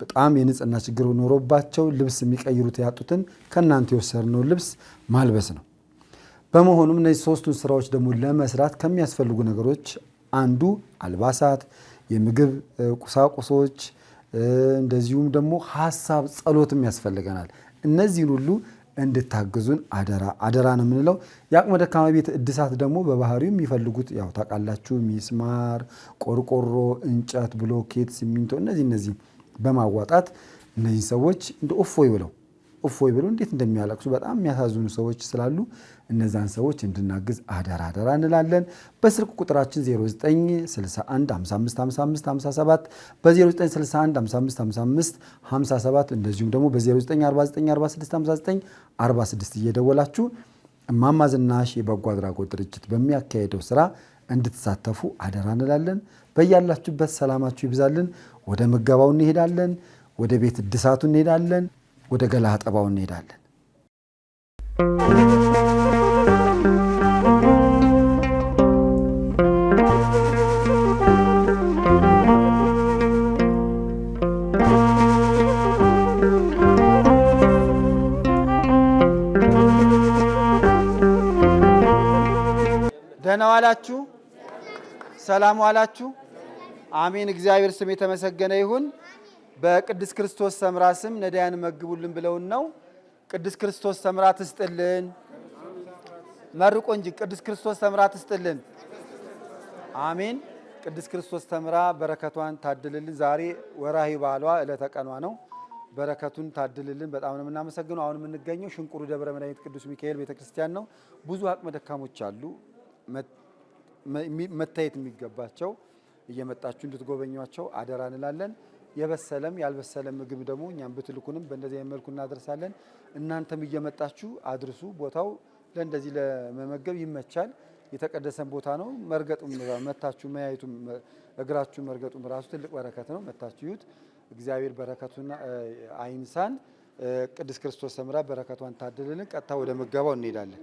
በጣም የንጽህና ችግር ኖሮባቸው ልብስ የሚቀይሩት ያጡትን ከእናንተ የወሰድነው ልብስ ማልበስ ነው። በመሆኑም እነዚህ ሶስቱን ስራዎች ደግሞ ለመስራት ከሚያስፈልጉ ነገሮች አንዱ አልባሳት፣ የምግብ ቁሳቁሶች፣ እንደዚሁም ደግሞ ሀሳብ፣ ጸሎትም ያስፈልገናል። እነዚህን ሁሉ እንድታግዙን አደራ አደራ ነው የምንለው። የአቅመ ደካማ ቤት እድሳት ደግሞ በባህሪው የሚፈልጉት ያው ታውቃላችሁ፣ ሚስማር፣ ቆርቆሮ፣ እንጨት፣ ብሎኬት፣ ሲሚንቶ እነዚህ እነዚህ በማዋጣት እነዚህ ሰዎች እንደ እፎይ ብለው እፎይ ብለው እንዴት እንደሚያለቅሱ በጣም የሚያሳዝኑ ሰዎች ስላሉ እነዛን ሰዎች እንድናግዝ አደራ አደራ እንላለን። በስልክ ቁጥራችን 0961555557 በ0961555557 እንደዚሁም ደግሞ በ0949465946 እየደወላችሁ እማማ ዝናሽ የበጎ አድራጎት ድርጅት በሚያካሄደው ስራ እንድትሳተፉ አደራ እንላለን። በያላችሁበት ሰላማችሁ ይብዛልን። ወደ ምገባው እንሄዳለን። ወደ ቤት እድሳቱ እንሄዳለን። ወደ ገላ አጠባው እንሄዳለን። ደህና ዋላችሁ፣ ሰላም ዋላችሁ። አሜን። እግዚአብሔር ስም የተመሰገነ ይሁን። በቅዱስ ክርስቶስ ሰምራ ስም ነዳያን መግቡልን ብለውን ነው። ቅዱስ ክርስቶስ ሰምራ ትስጥልን። መርቆ እንጂ ቅዱስ ክርስቶስ ሰምራ ትስጥልን። አሜን። ቅዱስ ክርስቶስ ሰምራ በረከቷን ታድልልን። ዛሬ ወራሂ ባሏ ዕለተ ቀኗ ነው። በረከቱን ታድልልን። በጣም ነው የምናመሰግነው። አሁን የምንገኘው ሽንቁሩ ደብረ መድኃኒት ቅዱስ ሚካኤል ቤተክርስቲያን ነው። ብዙ አቅመ ደካሞች አሉ መታየት የሚገባቸው እየመጣችሁ እንድትጎበኟቸው አደራ እንላለን። የበሰለም ያልበሰለም ምግብ ደግሞ እኛም ብትልኩንም በእንደዚህ መልኩ እናደርሳለን። እናንተም እየመጣችሁ አድርሱ። ቦታው ለእንደዚህ ለመመገብ ይመቻል። የተቀደሰን ቦታ ነው። መርገጡም መታችሁ መያየቱም እግራችሁ መርገጡም ራሱ ትልቅ በረከት ነው። መታችሁት እግዚአብሔር በረከቱን አይንሳን። ቅድስት ክርስቶስ ሰምራ በረከቷን ታደልልን ቀጥታ ወደ ምገባው እንሄዳለን።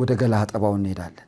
ወደ ገላ አጠባውን እንሄዳለን።